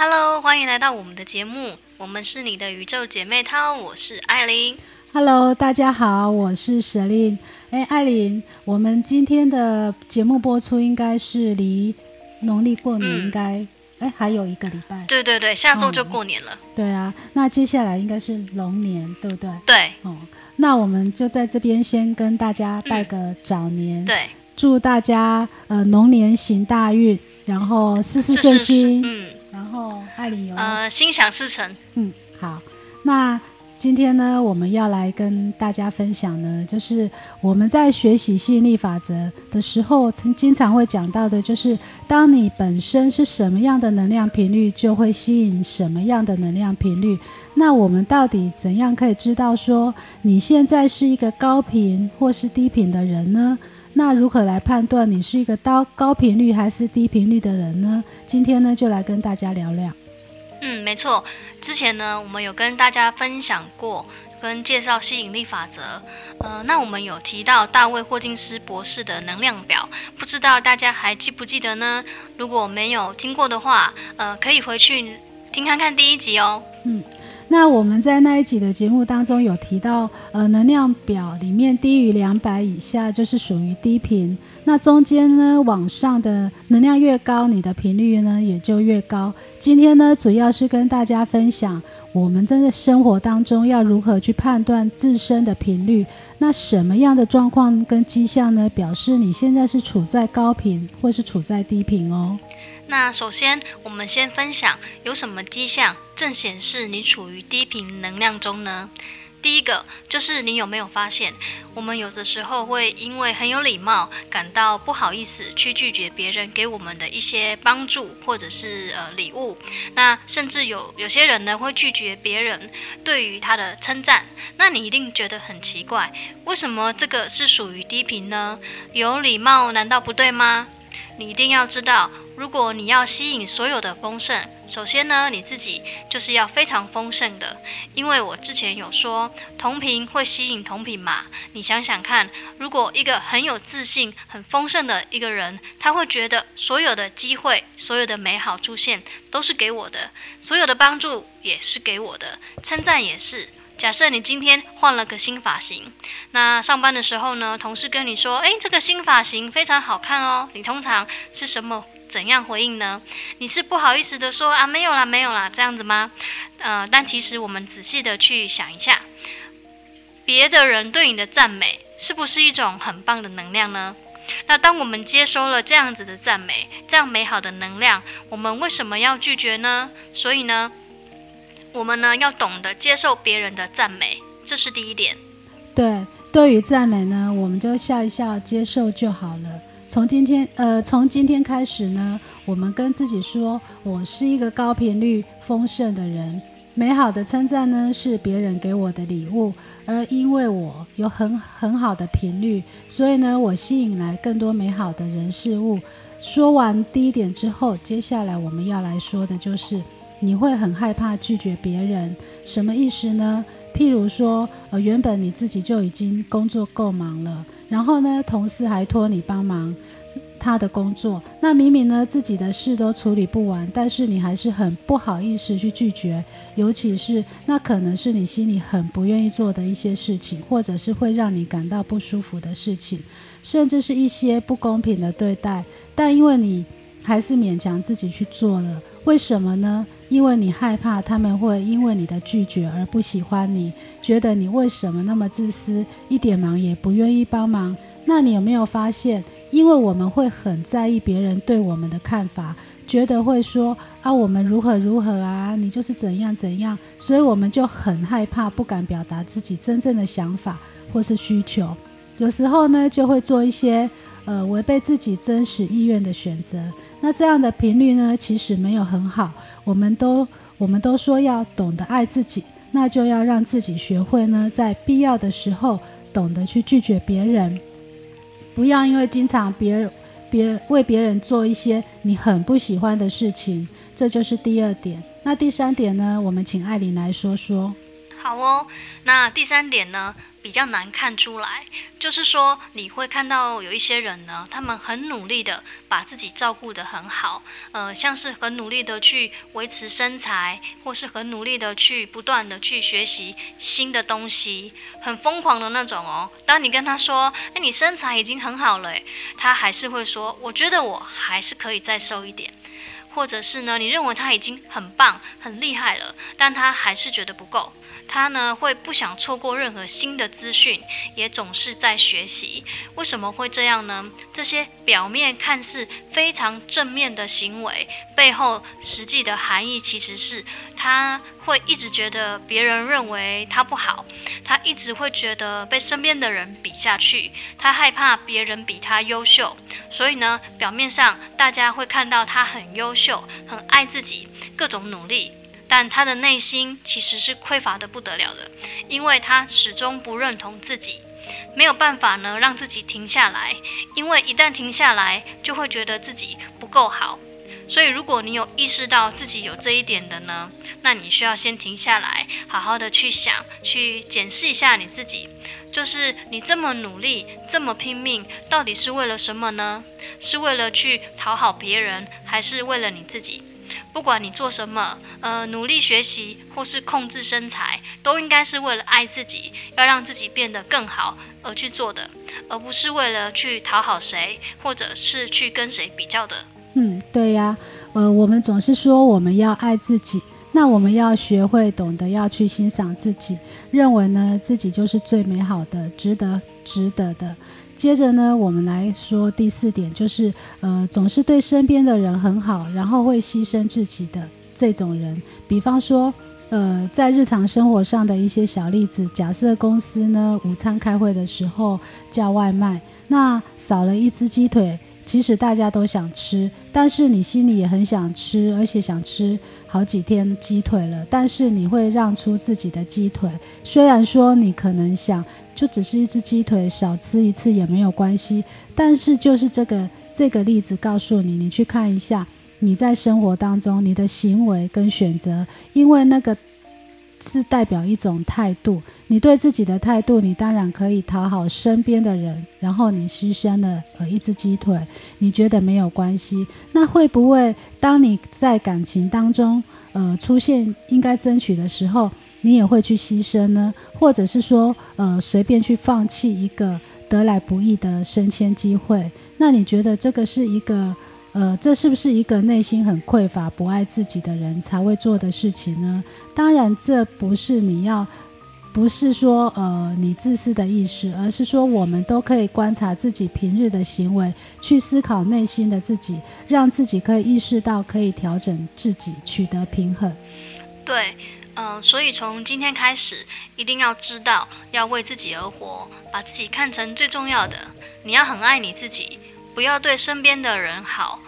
Hello，歡迎來到我們的節目。我們是你的宇宙姐妹淘，我是艾琳。Hello，大家好，我是捨琳。哎，艾琳，我們今天的節目播出應該是離農曆過年應該哎、嗯、還有一個禮拜。對對對，下週就過年了。哦、對啊，那接下來應該是龍年，對不對？對。哦，那我們就在這邊先跟大家拜個早年，嗯、對，祝大家呃龍年行大運，然後事事順心，嗯。然後，愛麗呃，心想事成。嗯，好。那今天呢，我們要來跟大家分享呢，就是我們在學習吸引力法則的時候，曾經常會講到的，就是當你本身是什麼樣的能量頻率，就會吸引什麼樣的能量頻率。那我們到底怎樣可以知道說你現在是一個高頻或是低頻的人呢？那如何來判斷你是一個高高頻率還是低頻率的人呢？今天呢就來跟大家聊聊。嗯，沒錯，之前呢我們有跟大家分享過，跟介紹吸引力法則。呃，那我們有提到大衛霍金斯博士的能量表，不知道大家還記不記得呢？如果沒有聽過的話，呃，可以回去聽看看第一集哦。嗯。那我們在那一集的節目當中有提到，呃，能量表裡面低於兩百以下就是屬於低頻。那中間呢，往上的能量越高，你的頻率呢也就越高。今天呢，主要是跟大家分享，我們在生活當中要如何去判斷自身的頻率，那什麼樣的狀況跟跡象呢，表示你現在是處在高頻或是處在低頻哦。那首先，我們先分享有什麼跡象，正顯示你處於低頻能量中呢。第一個就是你有沒有發現，我們有的時候會因為很有禮貌，感到不好意思去拒絕別人給我們的一些幫助，或者是呃禮物。那甚至有有些人呢會拒絕別人對於他的稱讚。那你一定覺得很奇怪，為什麼這個是屬於低頻呢？有禮貌難道不對嗎？你一定要知道。如果你要吸引所有的豐盛，首先呢，你自己就是要非常豐盛的。因為我之前有說同頻會吸引同頻嘛，你想想看，如果一個很有自信、很豐盛的一個人，他會覺得所有的機會、所有的美好出現都是給我的，所有的幫助也是給我的，稱讚也是。假設你今天換了個新髮型，那上班的時候呢，同事跟你說，誒，這個新髮型非常好看哦。你通常是什麼？怎樣回應呢？你是不好意思的說，啊，沒有啦，沒有啦，這樣子嗎？呃，但其實我們仔細的去想一下，別的人對你的讚美是不是一種很棒的能量呢？那當我們接收了這樣子的讚美，這樣美好的能量，我們為什麼要拒絕呢？所以呢，我們呢要懂得接受別人的讚美，這是第一點。對，對於讚美呢，我們就笑一笑，接受就好了。從今天，呃，從今天開始呢，我們跟自己說，我是一個高頻率豐盛的人。美好的稱讚呢，是別人給我的禮物，而因為我有很很好的頻率，所以呢，我吸引來更多美好的人事物。說完第一點之後，接下來我們要來說的就是，你會很害怕拒絕別人，什麼意思呢？譬如說，呃，原本你自己就已經工作夠忙了，然後呢，同事還託你幫忙他的工作，那明明呢，自己的事都處理不完，但是你還是很不好意思去拒絕，尤其是那可能是你心裡很不願意做的一些事情，或者是會讓你感到不舒服的事情，甚至是一些不公平的對待，但因為你還是勉強自己去做了，為什麼呢？因為你害怕他們會因為你的拒絕而不喜歡你，覺得你為什麼那麼自私，一點忙也不願意幫忙？那你有沒有發現，因為我們會很在意別人對我們的看法，覺得會說啊，我們如何如何啊，你就是怎樣怎樣，所以我們就很害怕，不敢表達自己真正的想法或是需求。有時候呢，就會做一些呃違背自己真實意願的選擇。那這樣的頻率呢，其實沒有很好。我們都我們都說要懂得愛自己，那就要讓自己學會呢，在必要的時候懂得去拒絕別人，不要因為經常別人別為別人做一些你很不喜歡的事情。這就是第二點。那第三點呢，我們請艾琳來說說。好哦，那第三點呢，比較難看出來，就是說你會看到有一些人呢，他們很努力的把自己照顧得很好，呃，像是很努力的去維持身材，或是很努力的去不斷的去學習新的東西，很瘋狂的那種哦。當你跟他說，哎、欸，你身材已經很好了。欸，他還是會說，我覺得我還是可以再瘦一點。或者是呢，你認為他已經很棒，很厲害了，但他還是覺得不夠。他呢，會不想錯過任何新的資訊，也總是在學習。為什麼會這樣呢？這些表面看似非常正面的行為，背後實際的含義其實是，他會一直覺得別人認為他不好，他一直會覺得被身邊的人比下去，他害怕別人比他優秀。所以呢，表面上大家會看到他很優秀，很愛自己，各種努力，但他的內心其實是匱乏得不得了的，因為他始終不認同自己，沒有辦法呢，讓自己停下來，因為一旦停下來，就會覺得自己不夠好。所以，如果你有意識到自己有這一點的呢，那你需要先停下來，好好的去想，去檢視一下你自己。就是你這麼努力，這麼拼命，到底是為了什麼呢？是為了去討好別人，還是為了你自己？不管你做什麼，呃，努力學習或是控制身材，都應該是為了愛自己，要讓自己變得更好而去做的，而不是為了去討好誰，或者是去跟誰比較的。嗯，對呀，呃，我們總是說我們要愛自己，那我們要學會懂得要去欣賞自己，認為呢自己就是最美好的，值得值得的。接着呢，我們來說第四點，就是呃，總是對身邊的人很好，然後會犧牲自己的這種人。比方說，呃，在日常生活上的一些小例子，假設公司呢午餐開會的時候叫外賣，那少了一隻雞腿。其實大家都想吃，但是你心裡也很想吃，而且想吃好幾天雞腿了。但是你會讓出自己的雞腿，雖然說你可能想就只是一隻雞腿，少吃一次也沒有關係。但是就是這個這個例子告訴你，你去看一下你在生活當中你的行為跟選擇，因為那個。是代表一種態度，你對自己的態度，你當然可以討好身邊的人，然後你犧牲了呃一隻雞腿，你覺得沒有關係。那會不會當你在感情當中，呃出現應該爭取的時候，你也會去犧牲呢？或者是說，呃隨便去放棄一個得來不易的升遷機會？那你覺得這個是一個？呃，這是不是一個內心很匱乏、不愛自己的人才會做的事情呢？當然，這不是你要，不是說呃你自私的意識，而是說我們都可以觀察自己平日的行為，去思考內心的自己，讓自己可以意識到可以調整自己，取得平衡。對，呃，所以從今天開始，一定要知道要為自己而活，把自己看成最重要的，你要很愛你自己。不要對身邊的人好，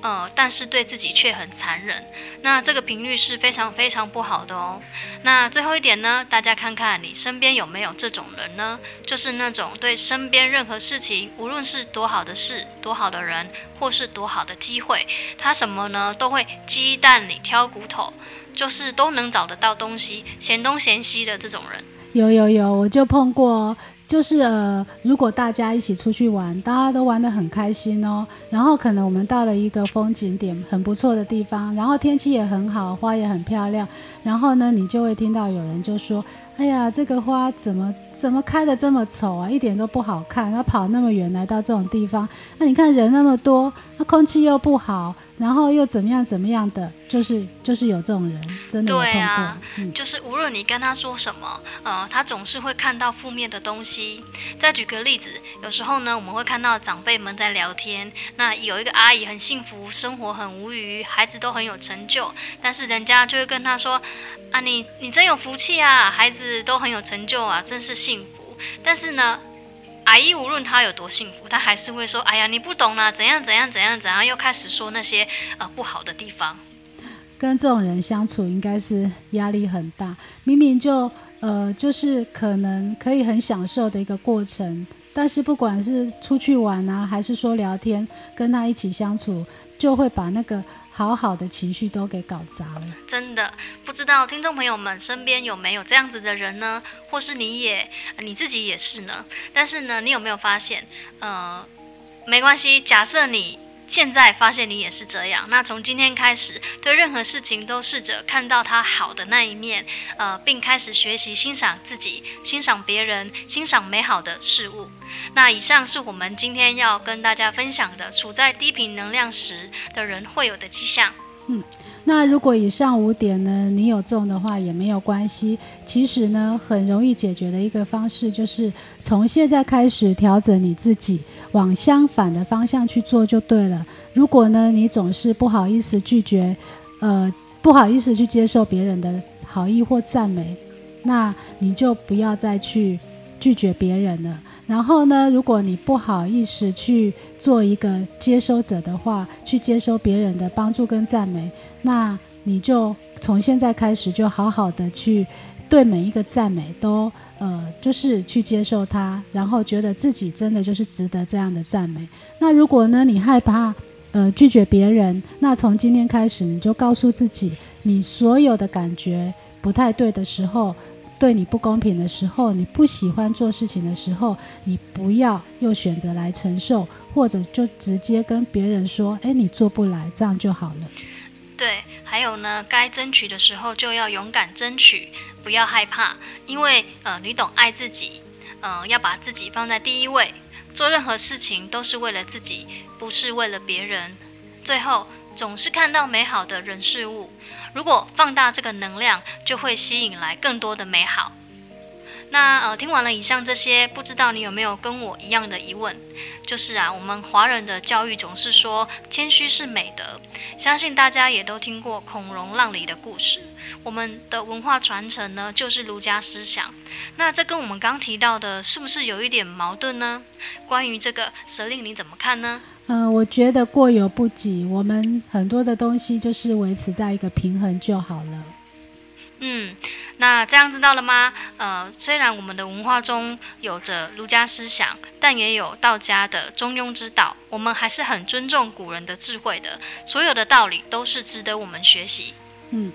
呃，但是對自己卻很殘忍。那這個頻率是非常非常不好的哦。那最後一點呢，大家看看你身邊有沒有這種人呢？就是那種對身邊任何事情，無論是多好的事、多好的人，或是多好的機會，他什麼呢都會雞蛋裡挑骨頭，就是都能找得到東西，嫌東嫌西的這種人。有有有，我就碰過。就是呃，如果大家一起出去玩，大家都玩得很開心哦。然後可能我們到了一個風景點很不錯的地方，然後天氣也很好，花也很漂亮。然後呢，你就會聽到有人就說：“哎呀，這個花怎麼怎麼開的這麼醜啊，一點都不好看。”他跑那麼遠來到這種地方，那、啊、你看人那麼多，那、啊、空氣又不好，然後又怎麼樣怎麼樣的，就是就是有這種人，真的對啊，嗯、就是無論你跟他說什麼，呃，他總是會看到負面的東西。再舉個例子，有時候呢，我們會看到長輩們在聊天，那有一個阿姨很幸福，生活很無虞，孩子都很有成就，但是人家就會跟她說：“啊，你你真有福氣啊，孩子都很有成就啊，真是幸福。”但是呢，阿姨無論她有多幸福，她還是會說：“哎呀，你不懂啦、啊，怎樣怎樣怎樣怎樣，又開始說那些呃不好的地方。”跟這種人相處應該是壓力很大，明明就。呃，就是可能可以很享受的一個過程，但是不管是出去玩啊，還是說聊天，跟他一起相處，就會把那個好好的情緒都給搞砸了。真的不知道聽眾朋友們身邊有沒有這樣子的人呢？或是你也你自己也是呢？但是呢，你有沒有發現？呃，沒關係，假設你……現在發現你也是這樣，那從今天開始，對任何事情都試着看到它好的那一面，呃，並開始學習欣賞自己、欣賞別人、欣賞美好的事物。那以上是我們今天要跟大家分享的，處在低頻能量時的人會有的跡象。嗯，那如果以上五點呢，你有中的話也沒有關係。其實呢，很容易解決的一個方式就是從現在開始調整你自己，往相反的方向去做就對了。如果呢，你總是不好意思拒絕，呃，不好意思去接受別人的好意或讚美，那你就不要再去拒絕別人了。然後呢，如果你不好意思去做一個接收者的話，去接收別人的幫助跟讚美，那你就從現在開始就好好的去對每一個讚美都呃，就是去接受它，然後覺得自己真的就是值得這樣的讚美。那如果呢，你害怕呃拒絕別人，那從今天開始，你就告訴自己，你所有的感覺不太對的時候。對你不公平的時候，你不喜歡做事情的時候，你不要又選擇來承受，或者就直接跟別人說：“誒，你做不來，這樣就好了。”對，還有呢，該爭取的時候就要勇敢爭取，不要害怕，因為呃，你懂愛自己，呃，要把自己放在第一位，做任何事情都是為了自己，不是為了別人。最後。總是看到美好的人事物，如果放大這個能量，就會吸引來更多的美好。那呃，聽完了以上這些，不知道你有沒有跟我一樣的疑問？就是啊，我們華人的教育總是說謙虛是美德，相信大家也都聽過孔融讓梨的故事。我們的文化傳承呢，就是儒家思想。那這跟我們剛提到的，是不是有一點矛盾呢？關於這個蛇令，你怎麼看呢？呃，我覺得過猶不及，我們很多的東西就是維持在一個平衡就好了。嗯，那這樣知道了嗎？呃，雖然我們的文化中有着儒家思想，但也有道家的中庸之道，我們還是很尊重古人的智慧的。所有的道理都是值得我們學習。嗯。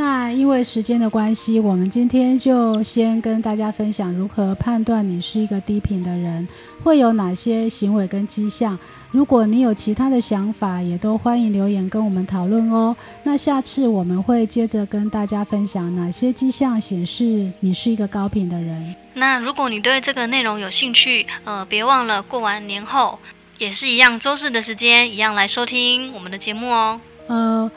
那因為時間的關係，我們今天就先跟大家分享如何判斷你是一個低頻的人，會有哪些行為跟跡象。如果你有其他的想法，也都歡迎留言跟我們討論哦。那下次我們會接着跟大家分享哪些跡象顯示你是一個高頻的人。那如果你對這個內容有興趣，呃，別忘了過完年後也是一樣，週四的時間一樣來收聽我們的節目哦。呃。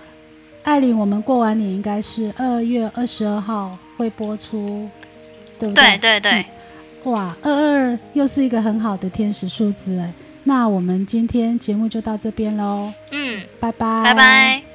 艾琳，我們過完年應該是二月二十二號會播出，對不對？對對對。嗯，哇，二二又是一個很好的天使數字哎。那我們今天節目就到這邊嘍。嗯，拜拜拜拜。拜拜。